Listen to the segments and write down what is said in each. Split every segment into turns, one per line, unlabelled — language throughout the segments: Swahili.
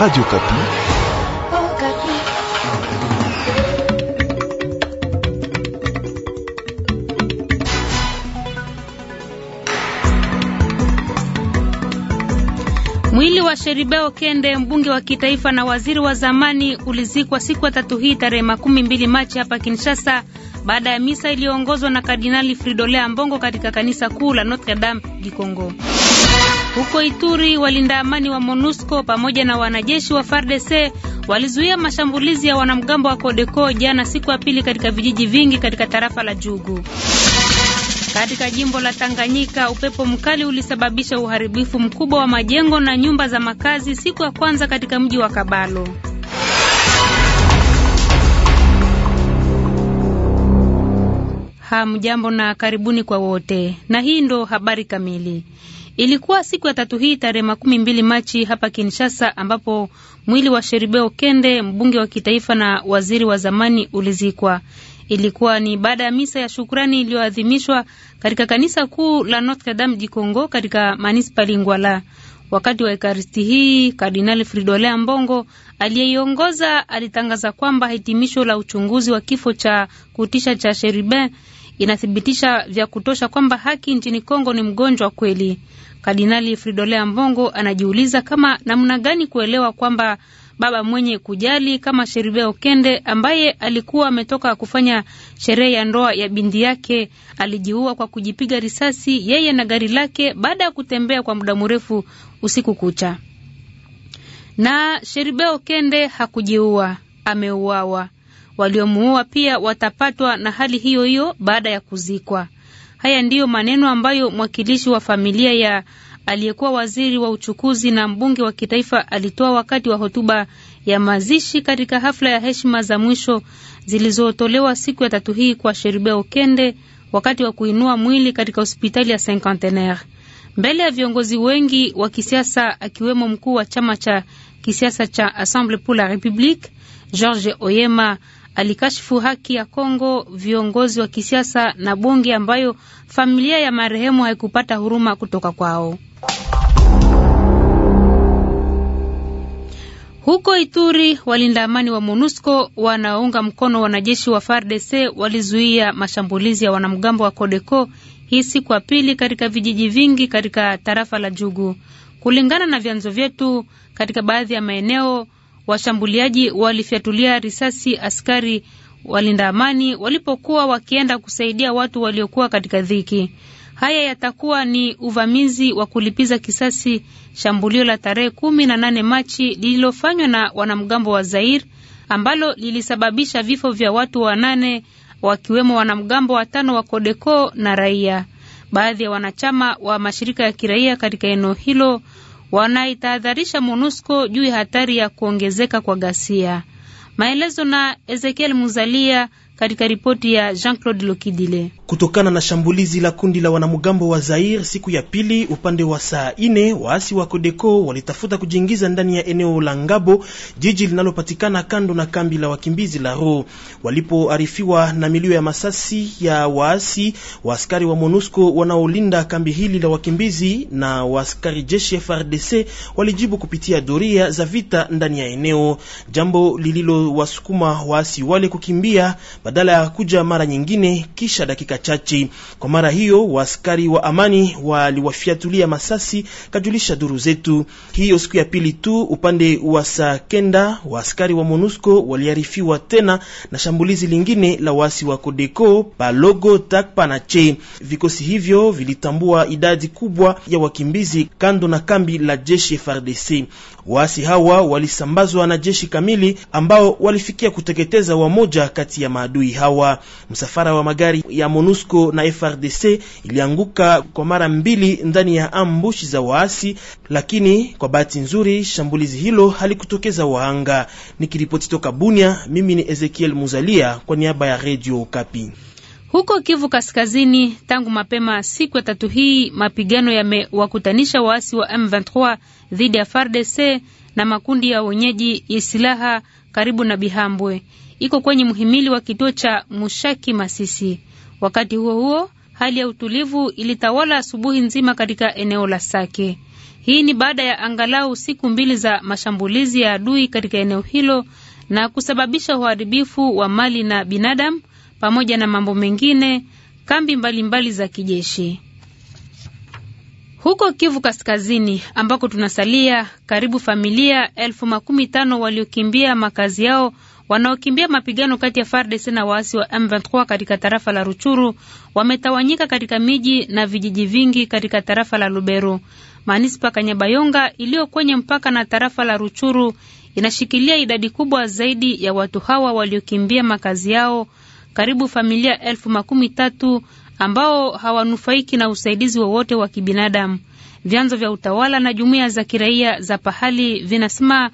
Radio Kapi.
Mwili wa Sheribeo Kende, mbunge wa kitaifa na waziri wa zamani, ulizikwa siku ya tatu hii tarehe makumi mbili Machi hapa Kinshasa baada ya misa iliyoongozwa na Kardinali Fridolin Ambongo katika kanisa kuu la Notre Dame Gikongo. Huko Ituri, walinda amani wa MONUSCO pamoja na wanajeshi wa FARDC walizuia mashambulizi ya wanamgambo wa Kodeko jana siku ya pili katika vijiji vingi katika tarafa la Jugu. Katika jimbo la Tanganyika, upepo mkali ulisababisha uharibifu mkubwa wa majengo na nyumba za makazi siku ya kwanza katika mji wa Kabalo. Hamjambo na karibuni kwa wote, na hii ndo habari kamili. Ilikuwa siku ya tatu hii tarehe makumi mbili Machi hapa Kinshasa, ambapo mwili wa Sheribeo Kende, mbunge wa kitaifa na waziri wa zamani, ulizikwa. Ilikuwa ni baada ya misa ya shukrani iliyoadhimishwa katika kanisa kuu la Notre Dame du Congo katika manispa Lingwala. Wakati wa ekaristi hii, Kardinali Fridolin Ambongo aliyeiongoza alitangaza kwamba hitimisho la uchunguzi wa kifo cha kutisha cha Sheribin inathibitisha vya kutosha kwamba haki nchini Kongo ni mgonjwa kweli. Kardinali Fridole Ambongo anajiuliza kama namna gani kuelewa kwamba baba mwenye kujali kama Sheribe Okende ambaye alikuwa ametoka kufanya sherehe ya ndoa ya binti yake alijiua kwa kujipiga risasi yeye na gari lake baada ya kutembea kwa muda mrefu usiku kucha. Na Sheribe Okende hakujiua, ameuawa. Waliomuua pia watapatwa na hali hiyo hiyo baada ya kuzikwa. Haya ndiyo maneno ambayo mwakilishi wa familia ya aliyekuwa waziri wa uchukuzi na mbunge wa kitaifa alitoa wakati wa hotuba ya mazishi katika hafla ya heshima za mwisho zilizotolewa siku ya tatu hii kwa Sherubeo okende wakati wa kuinua mwili katika hospitali ya Cinquantenaire mbele ya viongozi wengi wa kisiasa akiwemo mkuu wa chama cha kisiasa cha Assemble pour la Republique George Oyema alikashifu haki ya Kongo, viongozi wa kisiasa na bunge ambayo familia ya marehemu haikupata huruma kutoka kwao. Huko Ituri, walinda amani wa MONUSCO wanaounga mkono wanajeshi wa FARDC walizuia mashambulizi ya wanamgambo wa CODECO hii siku ya pili katika vijiji vingi katika tarafa la Jugu, kulingana na vyanzo vyetu. Katika baadhi ya maeneo washambuliaji walifyatulia risasi askari walinda amani walipokuwa wakienda kusaidia watu waliokuwa katika dhiki. Haya yatakuwa ni uvamizi wa kulipiza kisasi shambulio la tarehe kumi na nane Machi lililofanywa na wanamgambo wa Zair ambalo lilisababisha vifo vya watu wanane wakiwemo wanamgambo watano wa Kodeko na raia. Baadhi ya wanachama wa mashirika ya kiraia katika eneo hilo wanaitahadharisha MONUSCO juu ya hatari ya kuongezeka kwa ghasia. Maelezo na Ezekiel Muzalia katika ripoti ya Jean-Claude Lokidile.
Kutokana na shambulizi la kundi la wanamgambo wa Zaire siku ya pili upande wa saa ine, waasi wa Kodeko walitafuta kujiingiza ndani ya eneo la Ngabo, jiji linalopatikana kando na kambi la wakimbizi la Ro. Walipoarifiwa na milio ya masasi ya waasi, waaskari wa MONUSCO wanaolinda kambi hili la wakimbizi na waaskari jeshi FRDC walijibu kupitia doria za vita ndani ya eneo, jambo lililowasukuma waasi wale kukimbia badala ya kuja mara nyingine kisha dakika chache. Kwa mara hiyo waaskari wa amani waliwafiatulia masasi, kajulisha duru zetu. Hiyo siku ya pili tu upande wa saa kenda waaskari wa MONUSCO waliarifiwa tena na shambulizi lingine la waasi wa Kodeko Balogo, Takpa na Che. Vikosi hivyo vilitambua idadi kubwa ya wakimbizi kando na kambi la jeshi FARDC. Waasi hawa walisambazwa na jeshi kamili ambao walifikia kuteketeza wamoja kati ya maadui hawa. Msafara wa magari ya MONUSCO na FRDC ilianguka kwa mara mbili ndani ya ambushi za waasi, lakini kwa bahati nzuri shambulizi hilo halikutokeza wahanga. Nikiripoti toka Bunia, mimi ni Ezekiel Muzalia kwa niaba ya redio ukapi
huko Kivu Kaskazini, tangu mapema siku ya tatu hii, mapigano yamewakutanisha waasi wa M23 dhidi ya FARDC na makundi ya wenyeji ya silaha karibu na Bihambwe, iko kwenye mhimili wa kituo cha Mushaki Masisi. Wakati huo huo, hali ya utulivu ilitawala asubuhi nzima katika eneo la Sake. Hii ni baada ya angalau siku mbili za mashambulizi ya adui katika eneo hilo na kusababisha uharibifu wa mali na binadamu pamoja na mambo mengine kambi mbalimbali mbali za kijeshi huko Kivu Kaskazini ambako tunasalia, karibu familia elfu makumi tano waliokimbia makazi yao wanaokimbia mapigano kati ya FARDC na waasi wa M23 katika tarafa la Ruchuru wametawanyika katika miji na vijiji vingi katika tarafa la Lubero. Manispa Kanyabayonga iliyo kwenye mpaka na tarafa la Ruchuru inashikilia idadi kubwa zaidi ya watu hawa waliokimbia makazi yao karibu familia elfu makumi tatu ambao hawanufaiki na usaidizi wowote wa, wa kibinadamu. Vyanzo vya utawala na jumuiya za kiraia za pahali vinasema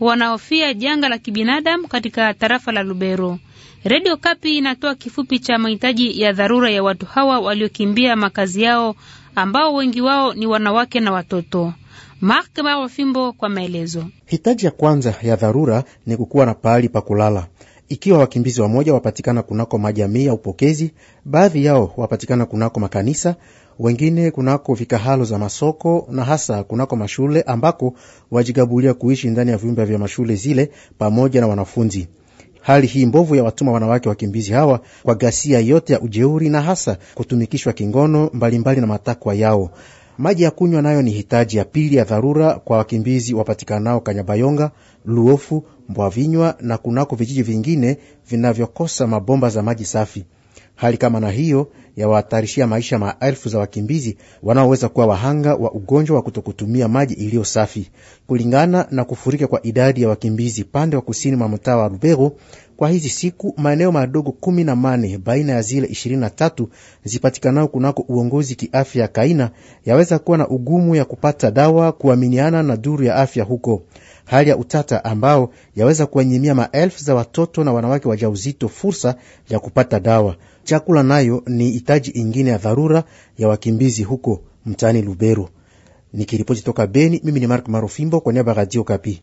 wanahofia janga la kibinadamu katika tarafa la Lubero. Redio Kapi inatoa kifupi cha mahitaji ya dharura ya watu hawa waliokimbia makazi yao ambao wengi wao ni wanawake na watoto. Mark kwa maelezo.
Hitaji ya kwanza ya dharura ni kukuwa na pahali pa kulala ikiwa wakimbizi wamoja wapatikana kunako majamii ya upokezi, baadhi yao wapatikana kunako makanisa, wengine kunako vikahalo za masoko na hasa kunako mashule ambako wajigabulia kuishi ndani ya vyumba vya mashule zile pamoja na wanafunzi. Hali hii mbovu ya watuma wanawake wakimbizi hawa kwa ghasia yote ya ujeuri na hasa kutumikishwa kingono mbalimbali mbali na matakwa yao. Maji ya kunywa nayo ni hitaji ya pili ya dharura kwa wakimbizi wapatikanao Kanyabayonga, Luofu, Mbwavinywa na kunako vijiji vingine vinavyokosa mabomba za maji safi. Hali kama na hiyo yawahatarishia maisha maelfu za wakimbizi wanaoweza kuwa wahanga wa ugonjwa wa kutokutumia maji iliyo safi. Kulingana na kufurika kwa idadi ya wakimbizi pande wa kusini mwa mtaa wa Rubero, kwa hizi siku maeneo madogo kumi na mane baina ya zile ishirini na tatu zipatikanao kunako uongozi kiafya ya Kaina yaweza kuwa na ugumu ya kupata dawa kuaminiana na duru ya afya huko, hali ya utata ambao yaweza kuwanyimia maelfu za watoto na wanawake wajauzito fursa ya kupata dawa. Chakula nayo ni hitaji ingine ya dharura ya wakimbizi huko mtaani Lubero. Nikiripoti toka Beni, mimi ni Mark Marufimbo kwa niaba ya Radio Kapi.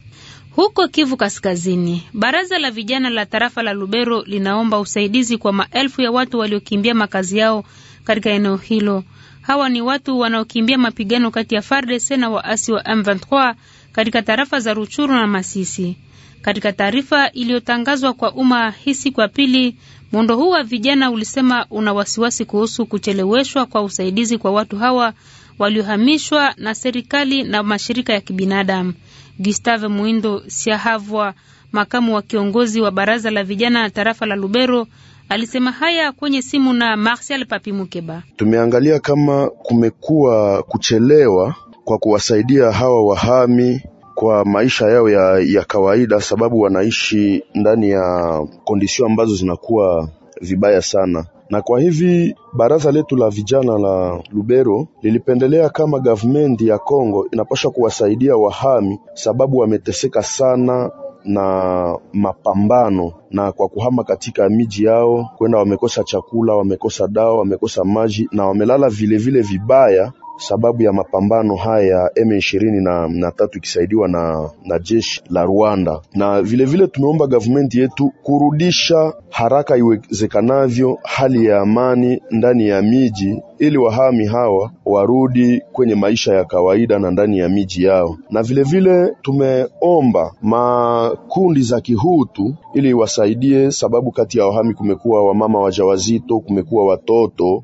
Huko Kivu Kaskazini, baraza la vijana la tarafa la Lubero linaomba usaidizi kwa maelfu ya watu waliokimbia makazi yao katika eneo hilo. Hawa ni watu wanaokimbia mapigano kati ya FARDC na waasi wa M23 katika tarafa za Ruchuru na Masisi. Katika taarifa iliyotangazwa kwa umma hii siku ya pili, muundo huu wa vijana ulisema una wasiwasi kuhusu kucheleweshwa kwa usaidizi kwa watu hawa waliohamishwa na serikali na mashirika ya kibinadamu. Gustave Muindo Siahavwa, makamu wa kiongozi wa baraza la vijana tarafa la Lubero, alisema haya kwenye simu na Martial Papi Mukeba.
Tumeangalia kama kumekuwa kuchelewa kwa kuwasaidia hawa wahami kwa maisha yao ya, ya kawaida, sababu wanaishi ndani ya kondisio ambazo zinakuwa vibaya sana na kwa hivi baraza letu la vijana la Lubero lilipendelea kama gavumenti ya Kongo inapaswa kuwasaidia wahami, sababu wameteseka sana na mapambano na kwa kuhama katika miji yao kwenda, wamekosa chakula, wamekosa dawa, wamekosa maji na wamelala vilevile vile vibaya sababu ya mapambano haya ya M 23 na, na tatu ikisaidiwa na, na jeshi la Rwanda, na vilevile vile tumeomba gavumenti yetu kurudisha haraka iwezekanavyo hali ya amani ndani ya miji ili wahami hawa warudi kwenye maisha ya kawaida na ndani ya miji yao, na vilevile vile tumeomba makundi za kihutu ili wasaidie, sababu kati ya wahami kumekuwa wamama wajawazito, kumekuwa watoto.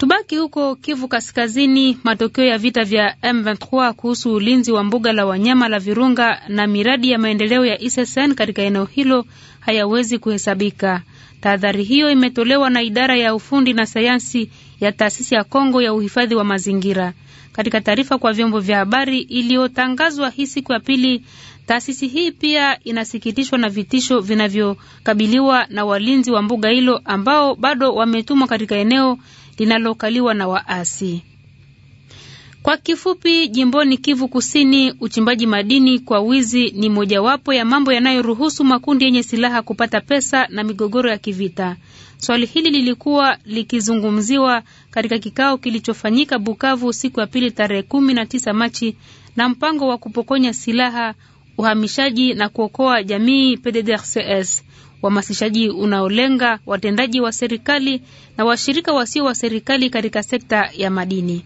Tubaki huko Kivu Kaskazini. Matokeo ya vita vya M23 kuhusu ulinzi wa mbuga la wanyama la Virunga na miradi ya maendeleo ya SSN katika eneo hilo hayawezi kuhesabika. Tahadhari hiyo imetolewa na idara ya ufundi na sayansi ya taasisi ya Kongo ya uhifadhi wa mazingira. Katika taarifa kwa vyombo vya habari iliyotangazwa hii siku ya pili, taasisi hii pia inasikitishwa na vitisho vinavyokabiliwa na walinzi wa mbuga hilo ambao bado wametumwa katika eneo linalokaliwa na waasi. Kwa kifupi, jimboni Kivu Kusini, uchimbaji madini kwa wizi ni mojawapo ya mambo yanayoruhusu makundi yenye silaha kupata pesa na migogoro ya kivita. Swali hili lilikuwa likizungumziwa katika kikao kilichofanyika Bukavu siku ya pili tarehe kumi na tisa Machi na mpango wa kupokonya silaha, uhamishaji na kuokoa jamii PDDRCS uhamasishaji unaolenga watendaji wa serikali na washirika wasio wa serikali katika sekta ya madini.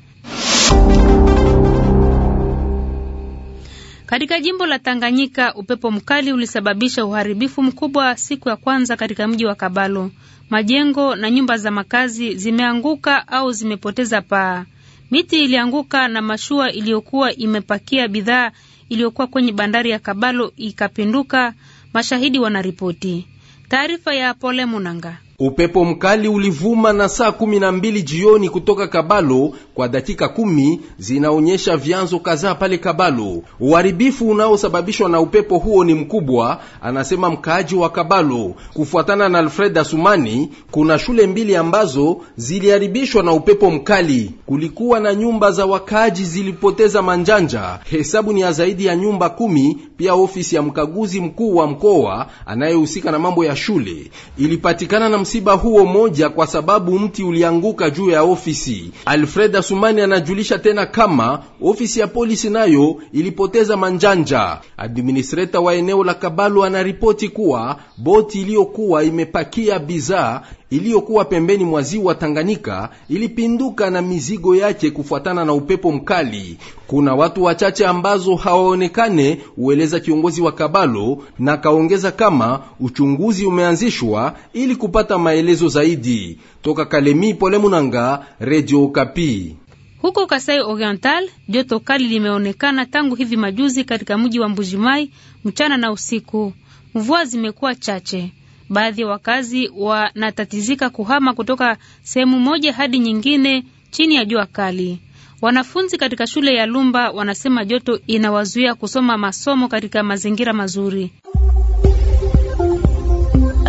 Katika jimbo la Tanganyika, upepo mkali ulisababisha uharibifu mkubwa siku ya kwanza katika mji wa Kabalo. Majengo na nyumba za makazi zimeanguka au zimepoteza paa. Miti ilianguka na mashua iliyokuwa imepakia bidhaa iliyokuwa kwenye bandari ya Kabalo ikapinduka, mashahidi wanaripoti. Taarifa ya Pole Munanga.
Upepo mkali ulivuma na saa kumi na mbili jioni kutoka Kabalo kwa dakika kumi zinaonyesha vyanzo kadhaa pale Kabalo. Uharibifu unaosababishwa na upepo huo ni mkubwa, anasema mkaaji wa Kabalo. Kufuatana na Alfred Asumani, kuna shule mbili ambazo ziliharibishwa na upepo mkali. Kulikuwa na nyumba za wakaaji zilipoteza manjanja, hesabu ni ya zaidi ya nyumba kumi. Pia ofisi ya mkaguzi mkuu wa mkoa anayehusika na mambo ya shule ilipatikana na msiba huo moja kwa sababu mti ulianguka juu ya ofisi. Alfred Asumani anajulisha tena kama ofisi ya polisi nayo ilipoteza manjanja. Administreta wa eneo la Kabalu anaripoti kuwa boti iliyokuwa imepakia bidhaa iliyokuwa pembeni mwa ziwa Tanganyika ilipinduka na mizigo yake kufuatana na upepo mkali. Kuna watu wachache ambazo hawaonekane, hueleza kiongozi wa Kabalo, na kaongeza kama uchunguzi umeanzishwa ili kupata maelezo zaidi. Toka Kalemi, Pole Munanga, Radio Kapi.
Huko Kasai Oriental joto kali limeonekana tangu hivi majuzi katika mji wa Mbujimai mchana na usiku. Mvua zimekuwa chache. Baadhi ya wakazi wanatatizika kuhama kutoka sehemu moja hadi nyingine chini ya jua kali. Wanafunzi katika shule ya Lumba wanasema joto inawazuia kusoma masomo katika mazingira mazuri.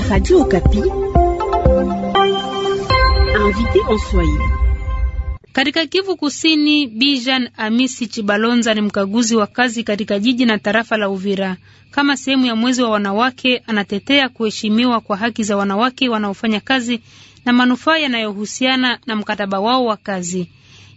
Radio Kapi. Katika Kivu Kusini, Bijan Amisi Chibalonza ni mkaguzi wa kazi katika jiji na tarafa la Uvira. Kama sehemu ya mwezi wa wanawake, anatetea kuheshimiwa kwa haki za wanawake wanaofanya kazi na manufaa yanayohusiana na mkataba wao wa kazi.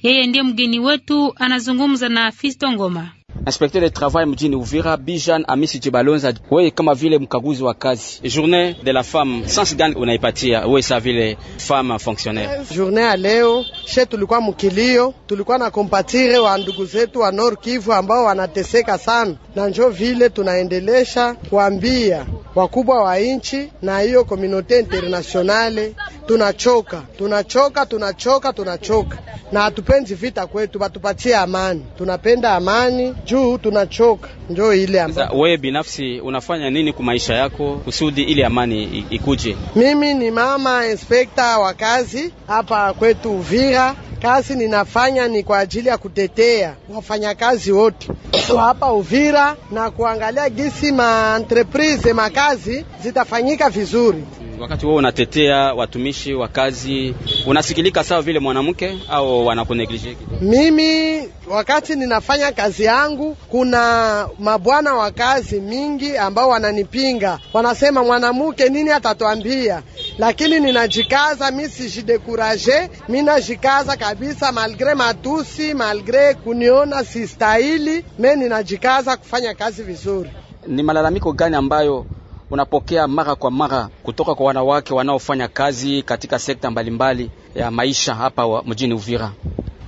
Yeye ndiye mgeni wetu, anazungumza na Fisto Ngoma
inspekteur de travail mjini Uvira Bijan Amisi Jibalonza, wewe kama vile mkaguzi wa kazi, journée de la femme sans gani unaipatia wewe sa vile femme fonctionnaire?
Euh, journée ya leo she tulikuwa mkilio, tulikuwa na kompatire wa ndugu zetu wa Nord Kivu ambao wanateseka sana, na njo vile tunaendelesha kuambia wakubwa wa nchi na hiyo komunote internationale, tunachoka tunachoka tunachoka tunachoka, na hatupenzi vita kwetu, batupatie amani, tunapenda amani juu tunachoka, njo ile ambayo.
Wewe binafsi unafanya nini kwa maisha yako kusudi ile amani ikuje?
Mimi ni mama inspekta wa kazi hapa kwetu Uvira. Kazi ninafanya ni kwa ajili ya kutetea wafanyakazi wote kwa hapa Uvira na kuangalia gisi ma entreprise makazi zitafanyika vizuri.
Wakati wewe unatetea watumishi wa kazi, unasikilika sawa vile mwanamke au wanakuneglige?
Mimi Wakati ninafanya kazi yangu, kuna mabwana wa kazi mingi ambao wananipinga, wanasema mwanamke nini atatwambia lakini ninajikaza, mi sijidekuraje, mi najikaza kabisa, malgre matusi, malgre kuniona sistahili, me ninajikaza kufanya kazi vizuri.
Ni malalamiko gani ambayo unapokea mara kwa mara kutoka kwa wanawake wanaofanya kazi katika sekta mbalimbali mbali ya maisha hapa mjini Uvira?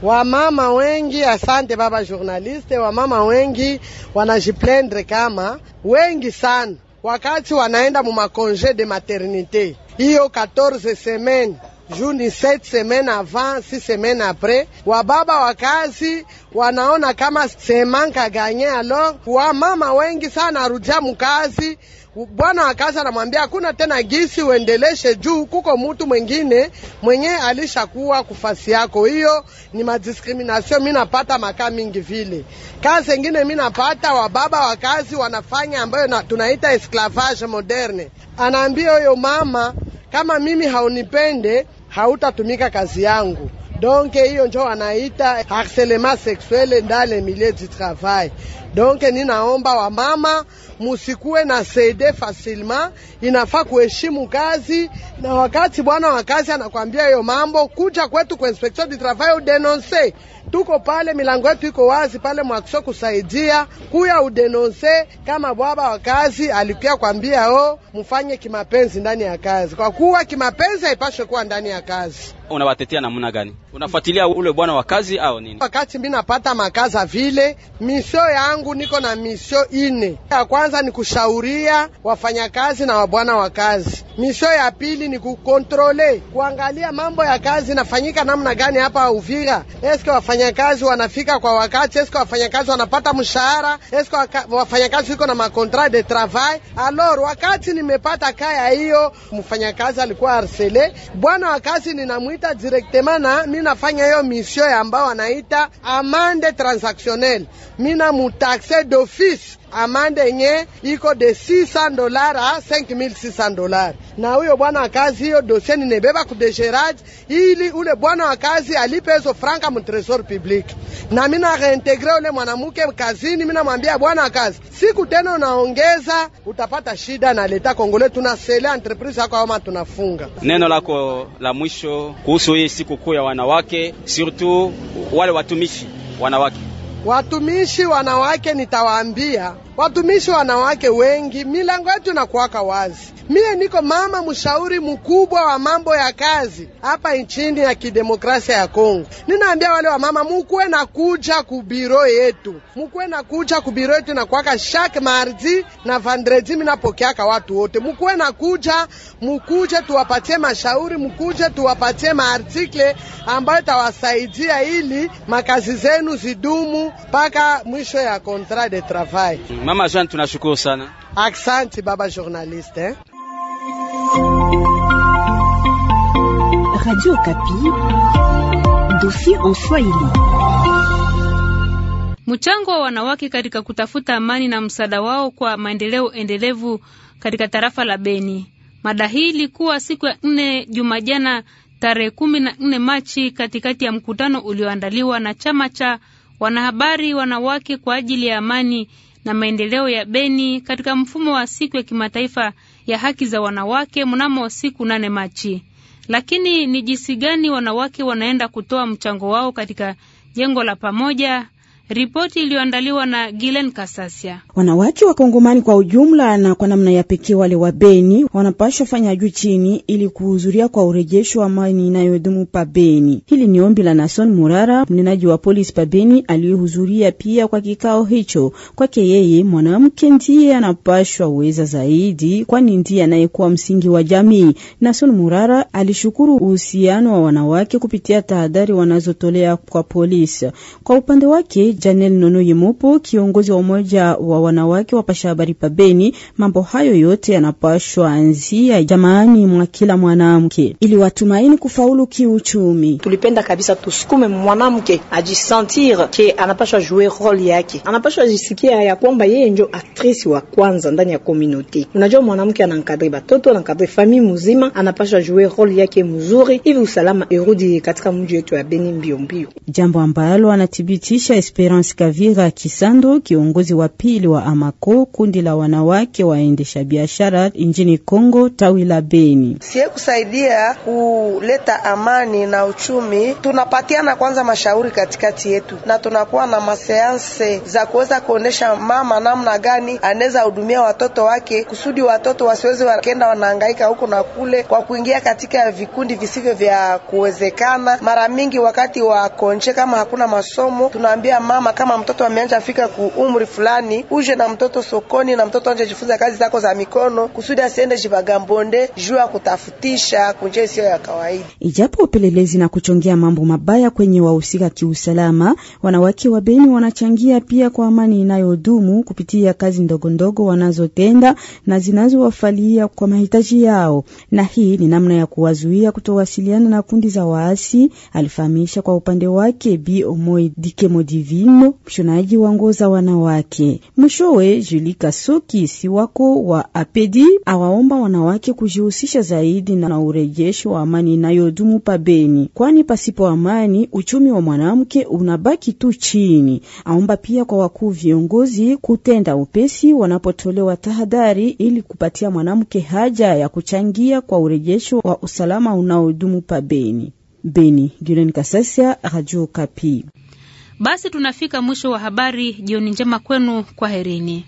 Wamama wengi, asante baba journaliste, wamama wengi wanajiplendre kama wengi sana wakati wanaenda mu congé de maternité hiyo 14 semaine juni 7 semaine avant 6 semaine apres, wababa wakazi wanaona kama semanka ganye. Alors wamama wengi sana arudia mukazi bwana akaza anamwambia hakuna tena gisi uendeleshe, juu kuko mutu mwengine mwenye alishakuwa kufasi yako. Hiyo ni madiskriminasio, mi napata makaa mingi vile. Kazi ingine mi napata wababa wa kazi wanafanya ambayo na, tunaita esclavage moderne. Anaambia huyo mama, kama mimi haunipende hautatumika kazi yangu. Donke hiyo njo wanaita harcelement sexuel ndale milieu du travail. Donke ninaomba wamama musikuwe na sede fasilma, inafaa kuheshimu kazi, na wakati bwana wa kazi anakwambia hiyo mambo, kuja kwetu kwa inspector du travail udenonse. Tuko pale, milango yetu iko wazi pale mwakso kusaidia kuya udenonse, kama bwaba wa kazi alikuya kwambia o oh, mufanye kimapenzi ndani ya kazi, kwa kuwa kimapenzi haipashe kuwa ndani ya kazi
unawatetea namna gani? Unafuatilia ule bwana wa kazi au nini?
Wakati mimi napata makaza vile, misio yangu niko na misio ine. Ya kwanza ni kushauria wafanyakazi na wabwana wa kazi. Misio ya pili ni kukontrole, kuangalia mambo ya kazi nafanyika namna gani hapa Uvira. Eske wafanyakazi wanafika kwa wakati? Eske wafanyakazi wanapata mshahara? Eske wafanyakazi iko na makontrat de travail? Alors wakati nimepata kaya hiyo, mfanyakazi alikuwa arsele, bwana wa kazi ninamwita wananiita direktema na mi nafanya hiyo misio ambao wanaita amande transactionnel, mi na mutakse d'office amande nye iko de 600 dolara a 5600 dolara na huyo bwana wa kazi hiyo dosie ninebeba ku degerage ili ule bwana wa kazi alipe hizo franka mu tresor public. Na mimi na reintegre ule mwanamke kazini, mimi namwambia bwana wa kazi, siku tena unaongeza utapata shida na leta Kongole, tunasele entreprise yako ama tunafunga.
Neno lako la mwisho kuhusu hii siku kuu ya wanawake, surtout wale watumishi wanawake
Watumishi wanawake nitawaambia watumishi wanawake wengi, milango yetu inakuwaka wazi. Mie niko mama mshauri mkubwa wa mambo ya kazi hapa nchini ya kidemokrasia ya Kongo. Ninaambia wale wa mama, mukuwe na kuja kubiro yetu, mukuwe na kuja kubiro yetu inakuwaka shak mardi na vandredi, minapokeaka watu wote, mukuwe na kuja, mukuje tuwapatie mashauri, mukuje tuwapatie maartikle ambayo itawasaidia ili makazi zenu zidumu mpaka mwisho ya contrat de travail.
Mama Jean, tunashukuru sana.
Asante baba journaliste eh?
Radio Kapi, dossier en Swahili.
Mchango wa wanawake katika kutafuta amani na msaada wao kwa maendeleo endelevu katika tarafa la Beni. Mada hii ilikuwa siku ya nne jumajana tarehe kumi na nne Machi katikati ya mkutano ulioandaliwa na chama cha wanahabari wanawake kwa ajili ya amani na maendeleo ya Beni katika mfumo wa siku ya kimataifa ya haki za wanawake mnamo siku nane Machi. Lakini ni jinsi gani wanawake wanaenda kutoa mchango wao katika jengo la pamoja Ripoti iliyoandaliwa na Gilen Kasasia.
Wanawake wa Kongomani kwa ujumla na kwa namna ya pekee wale wa Beni wanapashwa fanya juu chini ili kuhudhuria kwa urejesho wa amani inayodumu pa Beni. Hili ni ombi la Nason Murara, mnenaji wa polisi pa Beni, aliyehudhuria pia kwa kikao hicho. Kwake yeye, mwanamke ndiye anapashwa uweza zaidi, kwani ndiye anayekuwa msingi wa jamii. Nason Murara alishukuru uhusiano wa wanawake kupitia tahadhari wanazotolea kwa polisi. Kwa upande wake Janel Nono Yemopo, kiongozi wa umoja wa wanawake pasha habari pabeni, mambo hayo yote yanapashwa anzia jamani mwa kila mwanamke ili watumaini kufaulu kiuchumi. Tulipenda kabisa tusukume mwanamke ajisentir ke anapashwa jue role yake, anapashwa jisikia ya kwamba yeye njo aktrisi wa kwanza ndani ya komunote. Unajua, mwanamke anankadri batoto, anankadri fami muzima, anapashwa jue role yake mzuri, hivi usalama erudi katika mji wetu wa Beni mbio mbio, jambo ambalo anathibitisha Esperance Kavira Kisando, kiongozi wa pili wa Amako, kundi la wanawake waendesha biashara nchini Kongo, tawi la Beni. Sie
kusaidia kuleta amani na uchumi, tunapatiana kwanza mashauri katikati yetu, na tunakuwa na maseanse za kuweza kuonesha mama namna gani anaweza hudumia watoto wake, kusudi watoto wasiwezi wakenda wanahangaika huko na kule kwa kuingia katika vikundi visivyo vya kuwezekana. Mara mingi wakati wa konje, kama hakuna masomo, tunaambia mama mama, kama mtoto ameanza afika ku umri fulani, uje na mtoto sokoni na mtoto anje jifunza kazi zako za mikono kusudi asiende jibagambonde juu ya kutafutisha kunje sio ya kawaida.
Ijapo upelelezi na kuchongea mambo mabaya kwenye wahusika kiusalama, wanawake wa Beni wanachangia pia kwa amani inayodumu kupitia kazi ndogondogo wanazotenda na zinazowafalia kwa mahitaji yao, na hii ni namna ya kuwazuia kutowasiliana na kundi za waasi, alifahamisha kwa upande wake Bi Omoi Dikemodivi Kaino, mshonaji wa nguo za wanawake. Mwishowe, Julie Kasoki Siwako wa Apedi awaomba wanawake kujihusisha zaidi na urejesho wa amani inayodumu pabeni, kwani pasipo amani uchumi wa mwanamke unabaki tu chini. Aomba pia kwa wakuu viongozi kutenda upesi wanapotolewa tahadhari ili kupatia mwanamke haja ya kuchangia kwa urejesho wa usalama unaodumu pabeni. Beni, Gulen Kasasia, Radio Kapi.
Basi tunafika mwisho wa habari. Jioni njema kwenu, kwaherini.